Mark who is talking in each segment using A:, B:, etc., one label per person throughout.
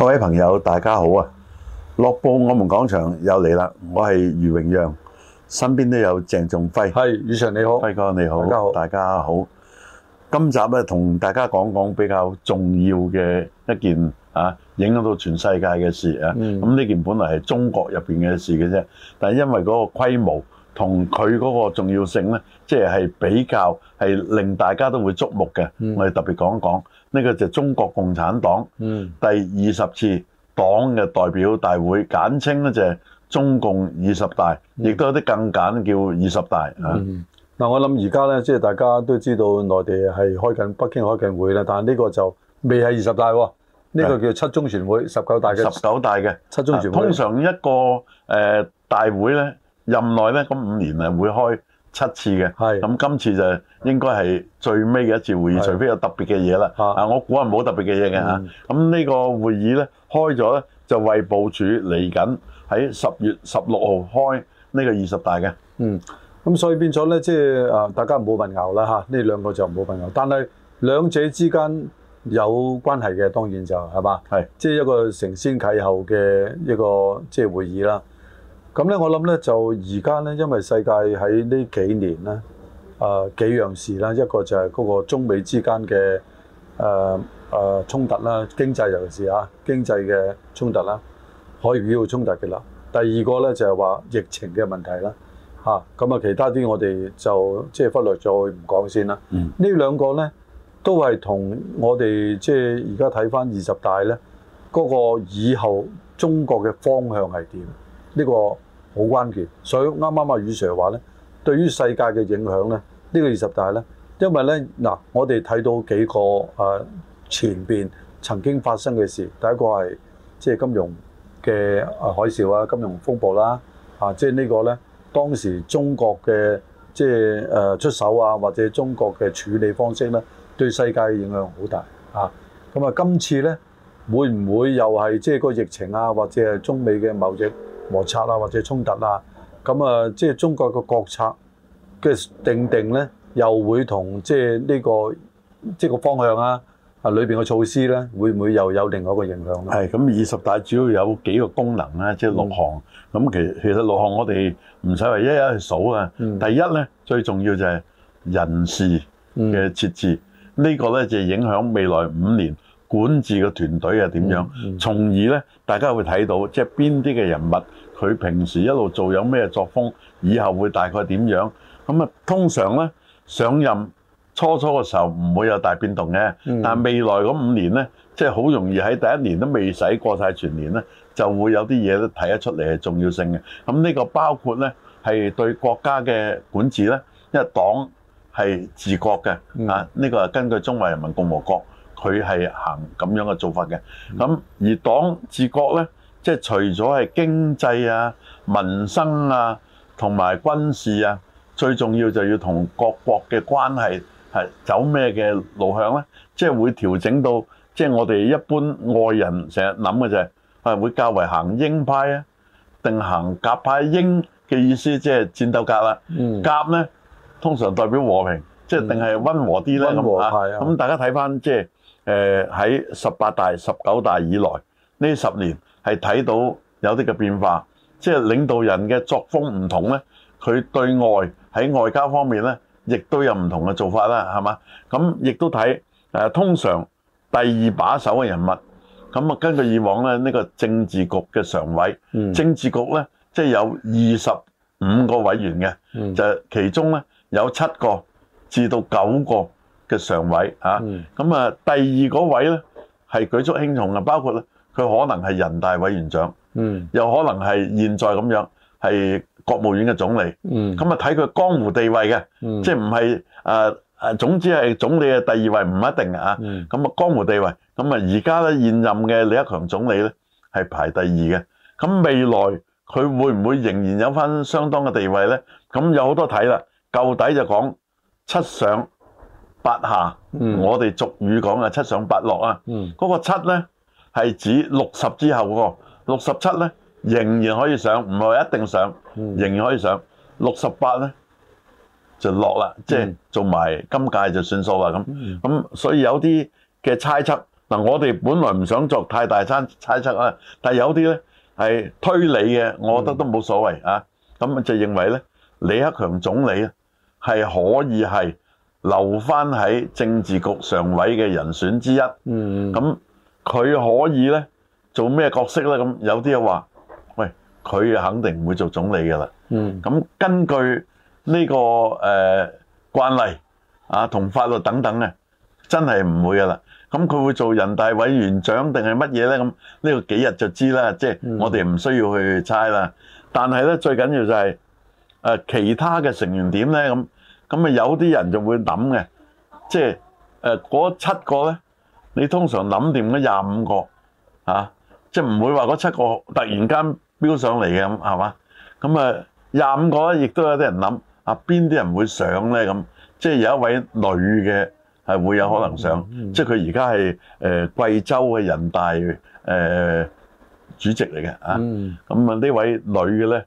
A: 各位朋友，大家好啊！樂報我們講場又嚟啦，我係余榮讓，身邊都有鄭仲輝。係，余常你好。輝哥你好，大家好。大家好。今集咧，同大家講講比較重要嘅一件啊，影響到全世界嘅事啊。咁呢件本來係中國入邊嘅事嘅啫，但係因為嗰個規模同佢嗰個重要性咧，即係比較係令大家都會矚目嘅，我哋特別講一講。呢個就係中國共產黨第二十次黨嘅代表大會，簡稱咧就中共二十大，亦都有啲更簡叫二十大、嗯
B: 嗯嗯、啊。嗱，我諗而家咧，即係大家都知道內地係開緊北京開緊會啦，但係呢個就未係二十大喎，呢個叫七中全會，十九大嘅。十九大嘅七中全會。啊、通
A: 常一個誒、呃、大會咧，任內咧咁五年咪會開。七次嘅，咁今次就應該係最尾嘅一次會議，除非有特別嘅嘢啦。啊，我估係冇特別嘅嘢嘅嚇。咁呢、啊、個會議咧開咗咧，就為部署嚟緊喺十月十六號開呢個二十大嘅。嗯，
B: 咁所以變咗咧，即係誒大家唔好混淆啦嚇。呢兩個就唔好混淆，但係兩者之間有關係嘅，當然就係嘛。係，即係、就是、一個承先啟後嘅一個即係、就是、會議啦。咁咧，我諗咧就而家咧，因為世界喺呢幾年咧，啊、呃、幾樣事啦，一個就係嗰個中美之間嘅誒誒衝突啦，經濟尤其是嚇經濟嘅衝突啦，海嘯嘅衝突嘅啦。第二個咧就係、是、話疫情嘅問題啦，嚇咁啊，其他啲我哋就即係、就是、忽略咗唔講先啦。呢、嗯、兩個咧都係同我哋即係而家睇翻二十大咧嗰、那個以後中國嘅方向係點？呢個好關鍵，所以啱啱阿余 Sir 話咧，對於世界嘅影響咧，呢個二十大咧，因為咧嗱，我哋睇到幾個誒前邊曾經發生嘅事，第一個係即係金融嘅誒海嘯啊，金融風暴啦啊，即係呢個咧當時中國嘅即係誒出手啊，或者中國嘅處理方式咧，對世界嘅影響好大啊。咁啊，今次咧會唔會又係即係個疫情啊，或者係中美嘅貿易摩擦啊，或者衝突啊，咁啊，即係中國嘅國策嘅定定咧，又會同即係呢個即係個方向啊，
A: 啊裏邊嘅措施咧，會唔會又有另外一個影響咧？係咁，二十大主要有幾個功能咧，即係六項。咁其其實六項我哋唔使話一一去數啊。第一咧，最重要就係人事嘅設置，呢個咧就係影響未來五年管治嘅團隊係點樣，從而咧大家會睇到即係邊啲嘅人物。佢平時一路做有咩作風，以後會大概點樣？咁啊，通常呢，上任初初嘅時候唔會有大變動嘅、嗯，但未來嗰五年呢，即係好容易喺第一年都未使過晒全年呢，就會有啲嘢都睇得出嚟係重要性嘅。咁呢個包括呢，係對國家嘅管治呢，因為黨係治國嘅，啊、嗯、呢、呢個係根據中華人民共和國佢係行咁樣嘅做法嘅。咁而黨治國呢。即係除咗係經濟啊、民生啊、同埋軍事啊，最重要就要同各國嘅關係係走咩嘅路向咧？即係會調整到，即係我哋一般外人成日諗嘅就係，啊會較為行鷹派啊、定行鴿派鷹嘅意思，即係戰鬥格啦、啊。嗯。鴿咧，通常代表和平，即係定係溫和啲咧咁啊。啊。咁大家睇翻即係誒喺十八大、十九大以來呢十年。係睇到有啲嘅變化，即係領導人嘅作風唔同咧，佢對外喺外交方面咧，亦都有唔同嘅做法啦，係嘛？咁亦都睇誒，通常第二把手嘅人物，咁啊，根據以往咧，呢個政治局嘅常委，政治局咧即係有二十五個委員嘅，就其中咧有七個至到九個嘅常委嚇，咁啊，第二個位咧係舉足輕重嘅，包括咧。佢可能係人大委員長，嗯，又可能係現在咁樣係國務院嘅總理，嗯，咁啊睇佢江湖地位嘅，嗯，即係唔係啊啊，總之係總理嘅第二位唔一定啊，嗯，咁啊江湖地位，咁啊而家咧現任嘅李克強總理咧係排第二嘅，咁未來佢會唔會仍然有返相當嘅地位咧？咁有好多睇啦，舊底就講七上八下，我哋俗語講嘅七上八落啊，嗰個七咧。係指六十之後喎，六十七呢仍然可以上，唔係一定上，仍然可以上。六十八呢就落啦，即、嗯、係做埋今屆就算數啦咁。咁、嗯、所以有啲嘅猜測，嗱我哋本來唔想作太大猜猜測啊，但係有啲呢係推理嘅，我覺得都冇所謂啊。咁、嗯、就認為呢，李克強總理啊係可以係留返喺政治局常委嘅人選之一。嗯。咁佢可以咧做咩角色咧？咁有啲人又話：喂，佢肯定唔會做總理噶啦。咁根據呢個誒慣例啊，同法律等等嘅，真係唔會噶啦。咁佢會做人大委員長定係乜嘢咧？咁呢個幾日就知啦。即係我哋唔需要去猜啦。但係咧，最緊要就係誒其他嘅成員點咧？咁咁啊，有啲人就會諗嘅，即係誒嗰七個咧。你通常諗掂咁廿五個，嚇、啊，即係唔會話嗰七個突然間飆上嚟嘅咁係嘛？咁啊，廿五個咧，亦都有啲人諗，啊邊啲人會上咧咁？即係有一位女嘅係會有可能上，嗯嗯、即係佢而家係誒貴州嘅人大誒、呃、主席嚟嘅啊。咁啊呢位女嘅咧，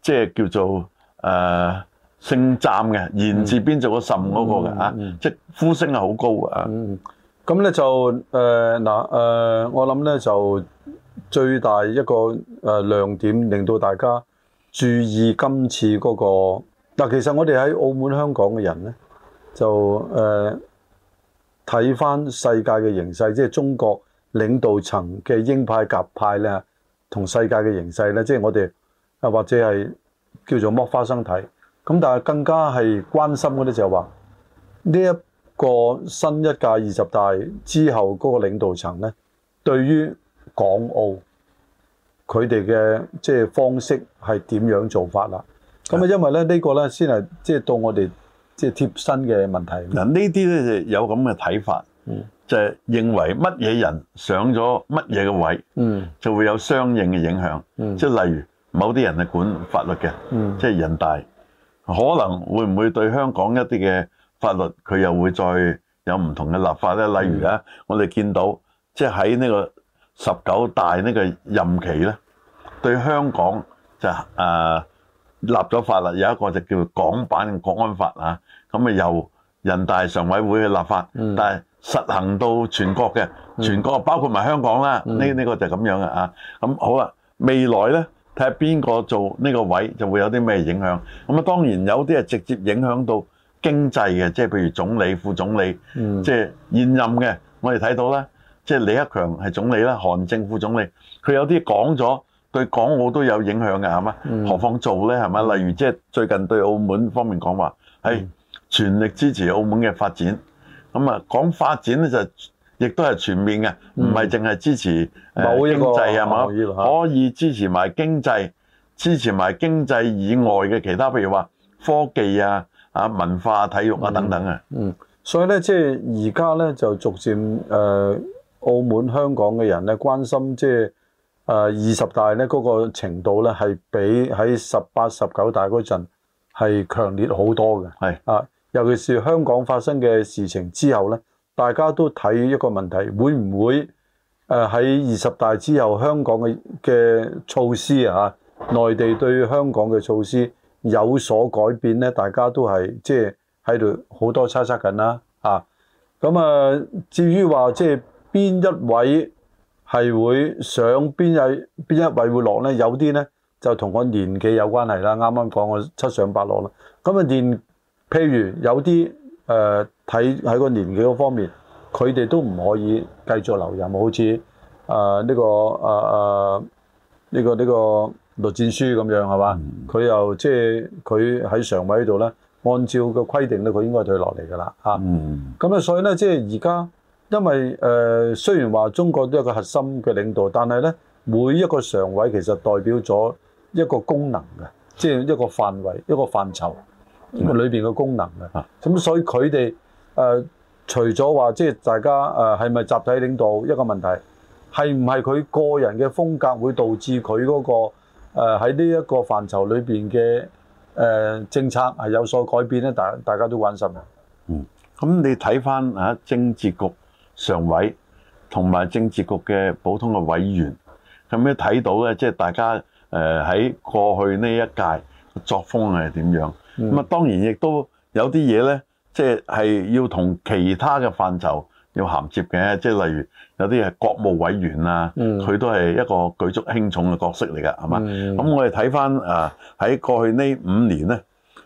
A: 即係叫做誒、呃、姓諶嘅，言字邊做個甚嗰個嘅啊，即係呼聲係好高啊。
B: 咁咧就誒嗱誒，我諗咧就最大一個誒亮點，令到大家注意今次嗰個。嗱，其實我哋喺澳門、香港嘅人咧，就誒睇返世界嘅形勢，即係中國領導層嘅鷹派、鴿派咧，同世界嘅形勢咧，即係我哋啊或者係叫做剝花生睇。咁但係更加係關心嗰啲就話呢一。個新一屆二十大之後嗰個領導層咧，對於港澳佢哋嘅即係方式係點樣做法啦？咁啊，因為咧呢個咧先係即係到我哋即係貼身嘅問題。嗱，
A: 呢啲咧就有咁嘅睇法，就係認為乜嘢人上咗乜嘢嘅位，就會有相應嘅影響。即係例如某啲人係管法律嘅，即係人大，可能會唔會對香港一啲嘅法律佢又會再有唔同嘅立法咧，例如咧，我哋見到即係喺呢個十九大呢個任期咧，對香港就誒立咗法律，有一個就叫港版國安法啊。咁啊，由人大常委會去立法，但係實行到全國嘅，全國包括埋香港啦。呢呢個就係咁樣嘅啊。咁好啦，未來咧睇下邊個做呢個位就會有啲咩影響。咁啊，當然有啲係直接影響到。經濟嘅，即係譬如總理、副總理，即、嗯、係、就是、現任嘅，我哋睇到啦，即、就、係、是、李克強係總理啦，韓正副總理，佢有啲講咗對港澳都有影響嘅，係嘛、嗯？何況做呢？係咪？例如即係、就是、最近對澳門方面講話，係全力支持澳門嘅發展。咁啊，講發展咧就亦都係全面嘅，唔係淨係支持某經濟係嘛、嗯？可以支持埋經濟，支持埋經濟以外嘅其他，譬如話科技啊。啊，文化、體育啊，等等啊、嗯。嗯，
B: 所以咧，即係而家咧就逐漸誒、呃，澳門、香港嘅人咧關心即係誒二十大咧嗰個程度咧，係比喺十八、十九大嗰陣係強烈好多嘅。係啊，尤其是香港發生嘅事情之後咧，大家都睇一個問題，會唔會誒喺二十大之後香港嘅嘅措施啊，內地對香港嘅措施，有所改變咧，大家都係即係喺度好多猜測緊啦，啊，啊，咁啊至於話即係邊一位係會上，邊係邊一位會落咧？有啲咧就同個年紀有關係啦。啱啱講個七上八落啦，咁啊年譬如有啲誒睇喺個年紀嗰方面，佢哋都唔可以繼續留任，好似誒呢個誒誒呢個呢個，呃這個這個栗戰書咁樣係嘛？佢、嗯、又即係佢喺常委度咧，按照個規定咧，佢應該退落嚟㗎啦。咁所以咧，即係而家，因為誒、呃、雖然話中國都有個核心嘅領導，但係咧，每一個常委其實代表咗一個功能嘅，即、就、係、是、一個範圍、一個範疇裏面嘅功能嘅。咁所以佢哋、呃、除咗話即係大家係咪、呃、集體領導一個問題，係唔係佢個人嘅風格會導致佢嗰、那個？誒喺呢一個範疇裏邊嘅誒政策係有所改變咧，大大家都關心。嗯，
A: 咁你睇翻啊政治局常委同埋政治局嘅普通嘅委員，咁樣睇到咧，即係大家誒喺過去呢一屆嘅作風係點樣？咁啊，當然亦都有啲嘢咧，即係係要同其他嘅範疇。要銜接嘅，即係例如有啲係國務委員啊，佢都係一個舉足輕重嘅角色嚟㗎，係嘛？咁我哋睇翻啊，喺過去呢五年咧，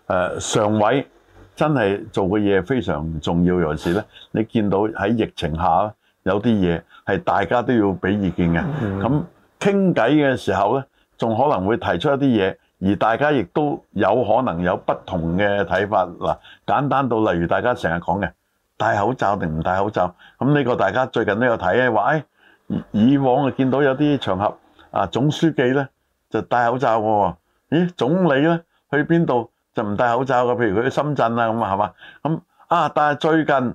A: 誒常委真係做嘅嘢非常重要，尤其是咧。你見到喺疫情下有啲嘢係大家都要俾意見嘅，咁傾偈嘅時候咧，仲可能會提出一啲嘢，而大家亦都有可能有不同嘅睇法。嗱，簡單到例如大家成日講嘅。戴口罩定唔戴口罩？咁呢個大家最近都有睇嘅，話誒、哎，以往啊見到有啲場合啊，總書記呢就戴口罩喎，咦，總理呢去邊度就唔戴口罩嘅，譬如佢去深圳啦咁啊，係嘛？咁啊，但係最近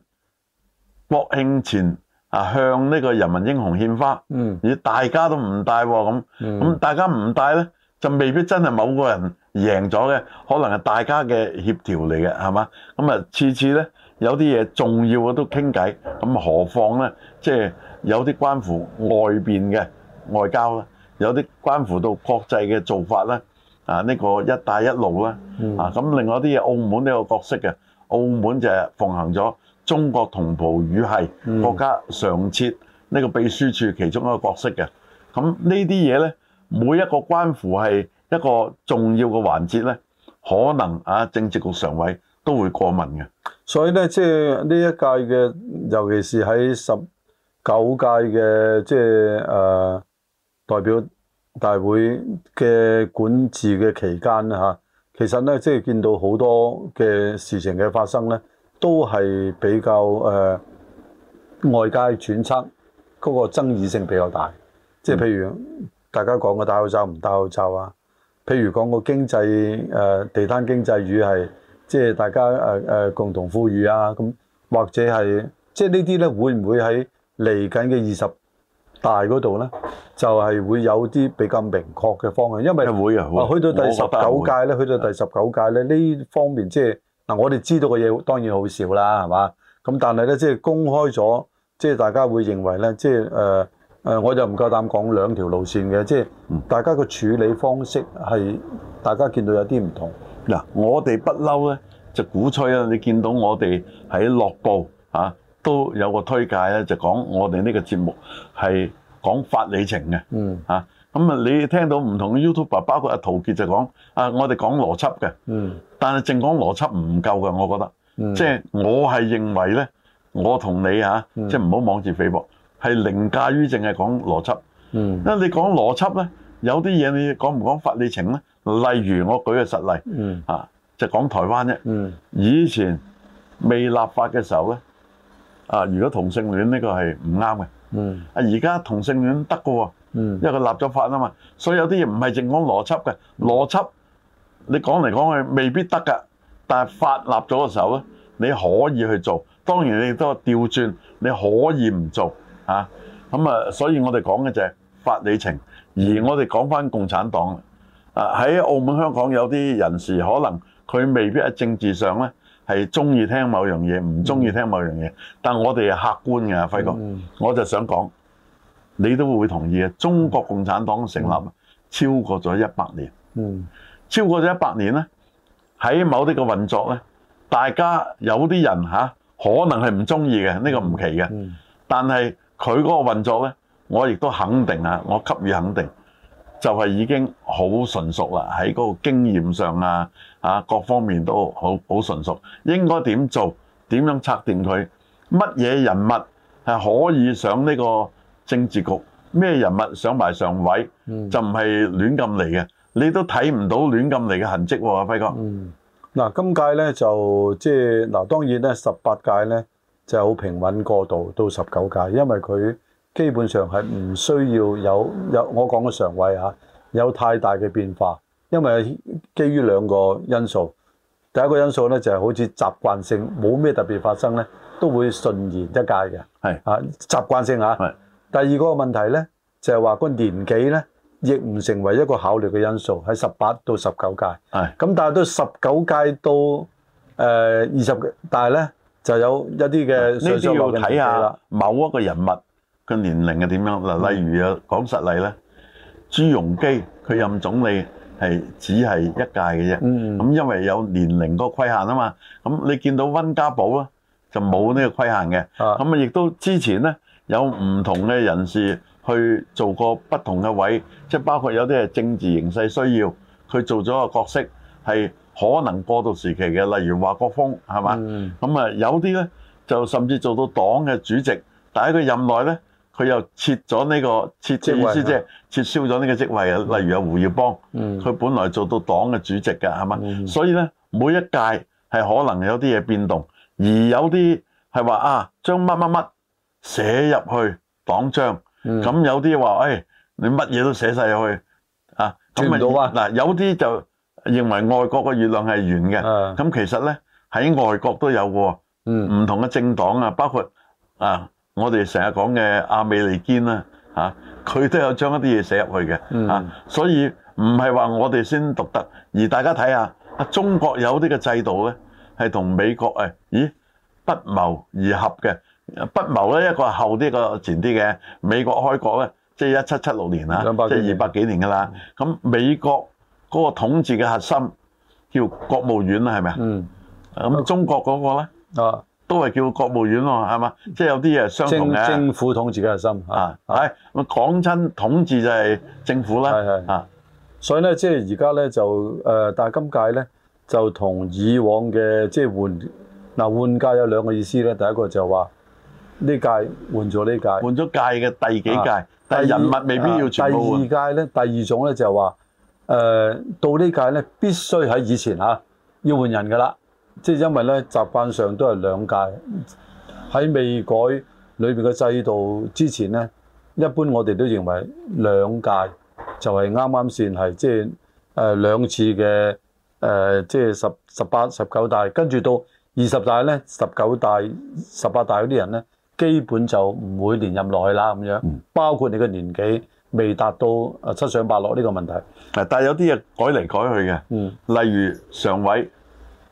A: 國慶前啊，向呢個人民英雄獻花，嗯，大家都唔戴咁、啊，咁、嗯、大家唔戴呢，就未必真係某個人贏咗嘅，可能係大家嘅協調嚟嘅，係嘛？咁啊，次次呢。有啲嘢重要嘅都傾偈，咁何況呢？即係有啲關乎外面嘅外交啦，有啲關乎到國際嘅做法咧。啊，呢個一帶一路呢，嗯、啊咁另外啲嘢，澳門呢個角色嘅，澳門就係奉行咗中國同葡語系、嗯、國家常設呢個秘書處其中一個角色嘅。咁呢啲嘢呢，每一個關乎係一個重要嘅環節呢，可能啊政治局常委都會過問嘅。
B: 所以咧，即係呢一屆嘅，尤其是喺十九屆嘅，即係誒代表大會嘅管治嘅期間、啊、其實咧即係見到好多嘅事情嘅發生咧，都係比較誒、呃、外界揣測嗰、那個爭議性比較大，即係譬如大家講嘅戴口罩唔戴口罩啊，譬如講個經濟誒、呃、地攤經濟語係。即係大家誒誒共同富裕啊咁，或者係即係呢啲咧會唔會喺嚟緊嘅二十大嗰度咧，就係會有啲比較明確嘅方向？因為會啊，去到第十九屆咧，去到第十九屆咧，呢方面即係嗱，我哋知道嘅嘢當然好少啦，係嘛？咁但係咧，即係公開咗，即係大家會認為咧，即係誒誒，我就唔夠膽講兩條路線嘅，即係大家個處理方式係大家見到有啲唔同。
A: 嗱，我哋不嬲咧，就鼓吹啦、啊。你見到我哋喺樂報嚇都有個推介咧、啊，就講我哋呢個節目係講法理情嘅、啊。嗯，嚇咁啊，你聽到唔同嘅 YouTuber 包括阿、啊、陶傑就講啊，我哋講邏輯嘅。嗯，但係淨講邏輯唔夠嘅，我覺得。即係我係認為咧，我同你嚇即係唔好妄自菲薄，係凌駕於淨係講邏輯。嗯，因為你講邏輯咧，有啲嘢你講唔講法理情咧？例如我舉個實例啊，就講台灣啫。以前未立法嘅時候咧，啊，如果同性戀呢個係唔啱嘅。啊，而家同性戀得㗎喎，因為佢立咗法啊嘛。所以有啲嘢唔係淨講邏輯嘅，邏輯你講嚟講去未必得㗎。但係法立咗嘅時候咧，你可以去做。當然你都係調轉，你可以唔做啊。咁啊，所以我哋講嘅就係法理情，而我哋講返共產黨。啊！喺澳門、香港有啲人士可能佢未必喺政治上咧，係中意聽某樣嘢，唔中意聽某樣嘢。嗯、但我哋係客觀嘅，輝哥，嗯、我就想講，你都會同意嘅。中國共產黨成立超過咗一百年，嗯、超過咗一百年咧，喺某啲嘅運作咧，大家有啲人吓、啊、可能係唔中意嘅，呢、呢個唔奇嘅。但係佢嗰個運作咧，我亦都肯定啊，我給予肯定。就係、是、已經好純熟啦，喺嗰個經驗上啊，啊各方面都好好純熟。應該點做？點樣策定佢？乜嘢人物係可以上呢個政治局？咩人物上埋上，上位？就唔係亂咁嚟嘅。你都睇唔到亂咁嚟嘅痕跡喎、啊，輝哥。嗯，嗱、啊，今屆呢
B: 就即係嗱，當然呢，十八屆呢就好平穩過渡到十九屆，因為佢。基本上係唔需要有有我講嘅常委，嚇，有太大嘅變化，因為基於兩個因素。第一個因素咧就係好似習慣性冇咩特別發生咧，都會順延一屆嘅。係啊，習慣性嚇。係。第二個問題咧就係話個年紀咧，亦唔成為一個考慮嘅因素。喺十八到十九屆。係。咁但係都十九屆到誒二十屆，但係咧就有一啲嘅。呢啲要睇下
A: 某一個人物。個年齡係點樣嗱？例如又講實例咧，朱鎔基佢任總理係只係一屆嘅啫。咁因為有年齡個規限啊嘛。咁你見到温家寶咧，就冇呢個規限嘅。咁啊，亦都之前咧有唔同嘅人士去做過不同嘅位，即係包括有啲係政治形勢需要佢做咗個角色係可能過渡時期嘅。例如華國鋒係嘛？咁啊，有啲咧就甚至做到黨嘅主席，但係佢任內咧。佢又撤咗呢個，撤即係意思即係撤銷咗呢個職位啊。例如阿胡耀邦，佢本來做到黨嘅主席嘅，係嘛？所以咧，每一屆係可能有啲嘢變動，而有啲係話啊，將乜乜乜寫入去黨章。咁有啲話誒，你乜嘢都寫晒入去啊？轉唔到啊！嗱，有啲就認為外國嘅月亮係圓嘅，咁其實咧喺外國都有嘅喎。唔同嘅政黨啊，包括啊。我哋成日講嘅阿美利堅啦，嚇佢都有將一啲嘢寫入去嘅，嚇，所以唔係話我哋先獨特。而大家睇下，啊中國有啲嘅制度咧，係同美國誒，咦不謀而合嘅，不謀咧一個係後啲，一個前啲嘅，美國開國咧即係一七七六年啦，即係二百幾年噶啦，咁美國嗰個統治嘅核心叫國務院啦，係咪啊？嗯，咁啊中國嗰個咧？啊。都係叫國務院咯，係嘛？即、就、係、是、有啲嘢相同嘅，啊、政府統治嘅核心啊，係咁講真統治就係政府啦。係係啊，
B: 所以咧即係而家咧就誒、呃，但係今屆咧就同以往嘅即係換嗱換屆有兩個意思咧。第一個就係話呢屆換咗
A: 呢屆，換咗屆嘅第幾屆，啊，但係人物未必要全部換，啊、第二
B: 屆咧、啊，第二種咧就係話誒到這界呢屆咧必須喺以前嚇、啊、要換人㗎啦。即係因為咧，習慣上都係兩屆，喺未改裏邊嘅制度之前咧，一般我哋都認為兩屆就係啱啱先係即係誒兩次嘅誒，即係十十八、十九大，跟住到二十大咧，十九大、十八大嗰啲人咧，基本就唔會連任落去啦咁樣。包括你嘅年紀未達到七上八落呢個問題。
A: 誒，但係有啲嘢改嚟改去嘅，例如常委。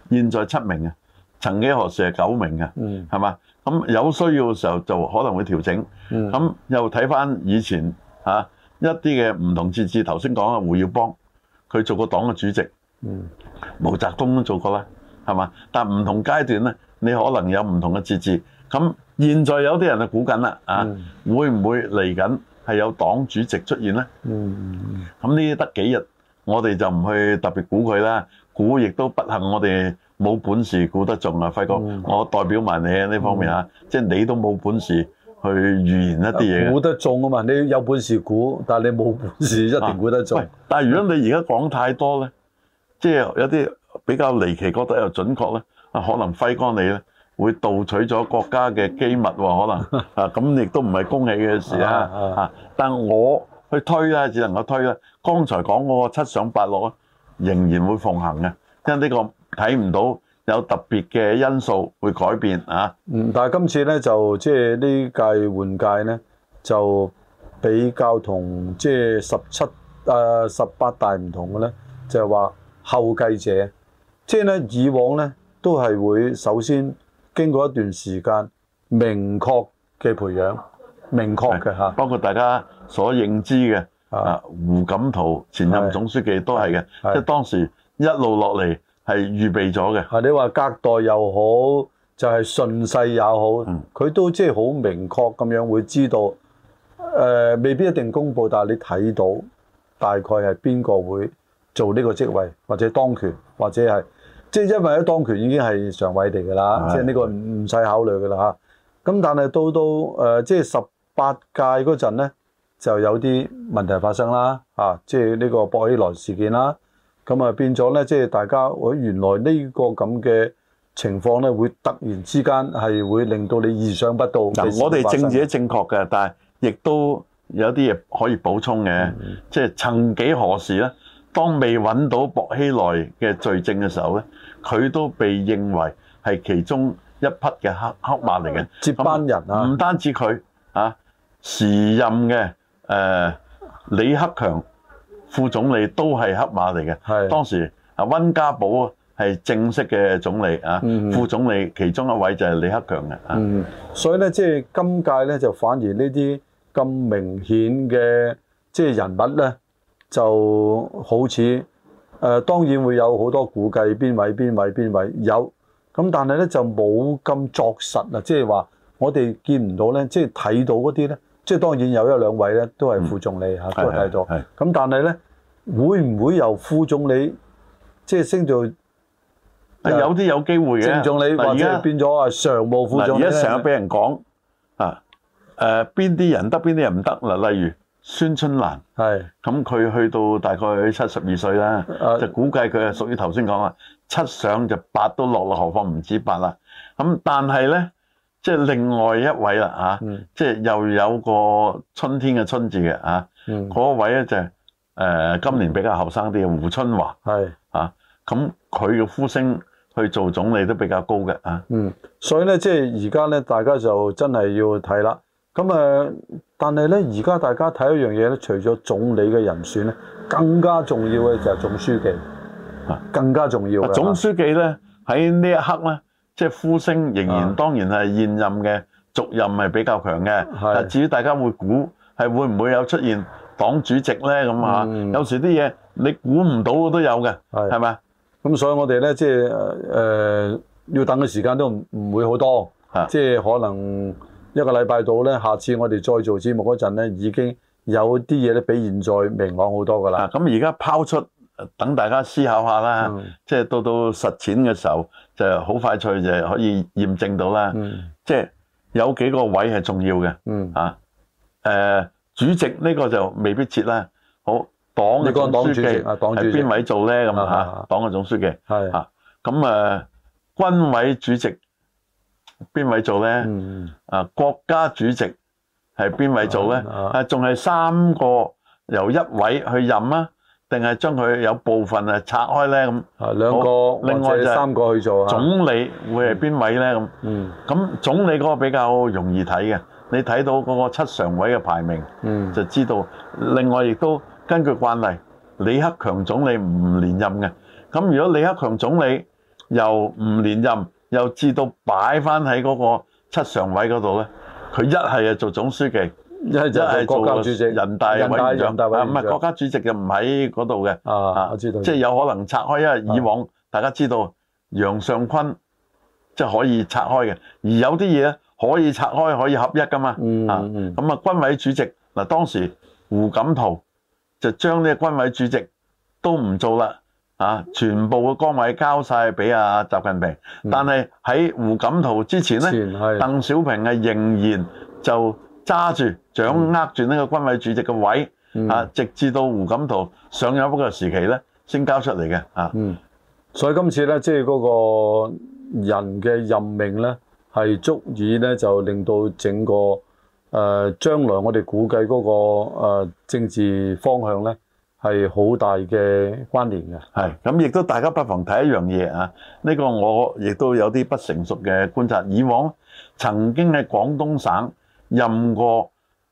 A: 現在七名啊，曾經何時係九名啊？係、嗯、嘛？咁有需要嘅時候就可能會調整。咁、嗯、又睇翻以前嚇一啲嘅唔同設置。頭先講啊，胡耀邦佢做過黨嘅主席、嗯，毛澤東都做過啦，係嘛？但唔同階段咧，你可能有唔同嘅設置。咁現在有啲人就估緊啦，啊、嗯、會唔會嚟緊係有黨主席出現咧？咁呢得幾日？我哋就唔去特別估佢啦，估亦都不幸我哋冇本事估得中啊，輝哥，我代表埋你喺呢方面吓，即係你都冇本事去預言一啲嘢。估得中啊嘛，你有本事估，但係你冇本事一定估得中。但係如果你而家講太多咧，即係有啲比較離奇，覺得又準確咧，啊可能輝哥你咧會盜取咗國家嘅機密喎，可能啊咁亦都唔係恭喜嘅事啦吓，但係我。去推咧，只能夠推啦。剛才講嗰個七上八落啊，仍然會奉行嘅，因為呢個睇唔到有特別嘅因素會改變啊。嗯，但係今次呢，就即係呢屆換
B: 屆呢，就比較同即係十七誒、啊、十八大唔同嘅呢，就係、是、話後繼者。即係呢以往呢，都係會首先經過一段時間明確嘅培養，
A: 明確嘅嚇，包括大家所認知嘅啊，胡錦濤前任總書記都係嘅，即係當時一路落嚟係預備咗嘅。啊，你話隔代又好，就係、是、順勢也好，佢、嗯、都即係好明確咁樣
B: 會知道，誒、呃，未必一定公佈，但係你睇到大概係邊個會做呢個職位，或者當權，或者係即係因為咧當權已經係常委嚟㗎啦，即係呢個唔唔使考慮㗎啦嚇。咁但係到到誒，即係十八屆嗰陣咧。就有啲問題發生啦，嚇，即係呢個薄熙來事件啦，咁啊變咗咧，即、就、係、是、大家會原來呢個咁嘅情況咧，會突然之間係會令到你意想不到，嗯。我哋政治係正
A: 確嘅，但係亦都有啲嘢可以補充嘅，即、嗯、係、就是、曾幾何時咧，當未揾到薄熙來嘅罪證嘅時候咧，佢都被認為係其中一匹嘅黑黑馬嚟嘅接班人啊，唔單止佢啊，時任嘅。誒李克強副總理都係黑馬嚟嘅，係當時啊，溫家寶啊係正式嘅總理啊，副總理其中一位就係李克強嘅啊，
B: 所以咧，即係今屆咧，就反而呢啲咁明顯嘅即係人物咧，就好似誒當然會有好多估計邊位邊位邊位有咁，但係咧就冇咁作實啦，即係話我哋見唔到咧，即係睇到嗰啲咧。即係當然有一兩位咧、嗯，都係副總理嚇，都喺度。咁但係咧，會唔會由副總理即係升做，有啲有
A: 機會嘅？正總理或者變
B: 咗啊，常務副總。而家成日俾
A: 人講啊，誒邊啲人得，邊啲人唔得。嗱，例如孫春蘭，係咁佢去到大概七十二歲啦，就估計佢係屬於頭先講啊，七上就八都落落何況唔止八啦。咁但係咧。即係另外一位啦，嚇！即係又有個春天嘅春字嘅，嚇、嗯！嗰位咧就誒今年比較後生啲嘅胡春華，係嚇。咁佢嘅呼聲去做總理都比較高嘅，嚇。
B: 嗯，
A: 所以咧，即係而家咧，大家就真係要睇啦。
B: 咁誒，但係咧，而家大家睇一樣嘢咧，除咗總理嘅人選咧，更加
A: 重要嘅就係總書記，嚇，更加重要嘅、啊。總書記咧喺呢一刻咧。即、就、係、是、呼聲仍然當然係現任嘅續任係比較強嘅。至於大家會估係會唔會有出現黨主席咧咁吓？嗯、有時啲嘢你估唔到都有嘅，係咪？
B: 咁所以我哋咧即係誒要等嘅時間都唔唔會好多，即係、就是、可能一個禮拜到咧。下次我哋再做節目嗰陣咧，已經有啲嘢咧比現在明朗好多㗎
A: 啦。咁而家拋出。等大家思考下啦，嗯，即係到到實踐嘅時候，就好快脆就可以驗證到啦，嗯。即係有幾個位係重要嘅，嗯，啊，誒，主席呢個就未必設啦。好，黨嘅總書記係邊位做咧？咁啊，黨、啊、嘅、啊、總書記係啊，咁、啊、誒、啊啊啊，軍委主席邊位做咧，嗯？啊，國家主席係邊位做咧？啊，仲、啊、係、啊、三個由一位去任啊？定係將佢有部分啊拆開，呢咁，啊兩個或者三個
B: 去做啊。總
A: 理會係邊位呢咁？嗯，咁總理嗰個比較容易睇嘅，你睇到嗰個七常委嘅排名，嗯，就知道。另外亦都根據慣例，李克強總理唔連任嘅。咁如果李克強總理又唔連任，又至到擺翻喺嗰個七常委嗰度呢，佢一係啊做總書記。一係一係國家主席、人大委員長啊，唔係國家主席就唔喺嗰度嘅啊，即係有可能拆開。因為以往大家知道楊尚昆即係可以拆開嘅，而有啲嘢可以拆開可以合一噶嘛啊。咁啊，軍委主席嗱，當時胡錦濤就將呢個軍委主席都唔做啦啊，全部嘅崗位交曬俾啊習近平。但係喺胡錦濤之前咧，鄧小平係仍然就。揸住、掌握住呢個軍委主席嘅位、嗯、啊，直至到胡錦濤上任嗰個時期呢，先交出嚟嘅啊、嗯。
B: 所以今次呢，即係嗰個人嘅任命呢，係足以呢，就令到整個誒、呃、將來我哋估計嗰、那個、呃、政治方向呢，係好大
A: 嘅關聯嘅。咁，亦都大家不妨睇一樣嘢啊。呢、這個我亦都有啲不成熟嘅觀察。以往曾經喺廣東省。任過誒、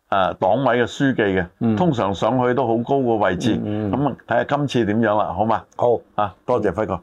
A: 呃、黨委嘅書記嘅、嗯，通常上去都好高個位置，咁睇下今次點樣啦，好嘛？好啊，多謝輝哥。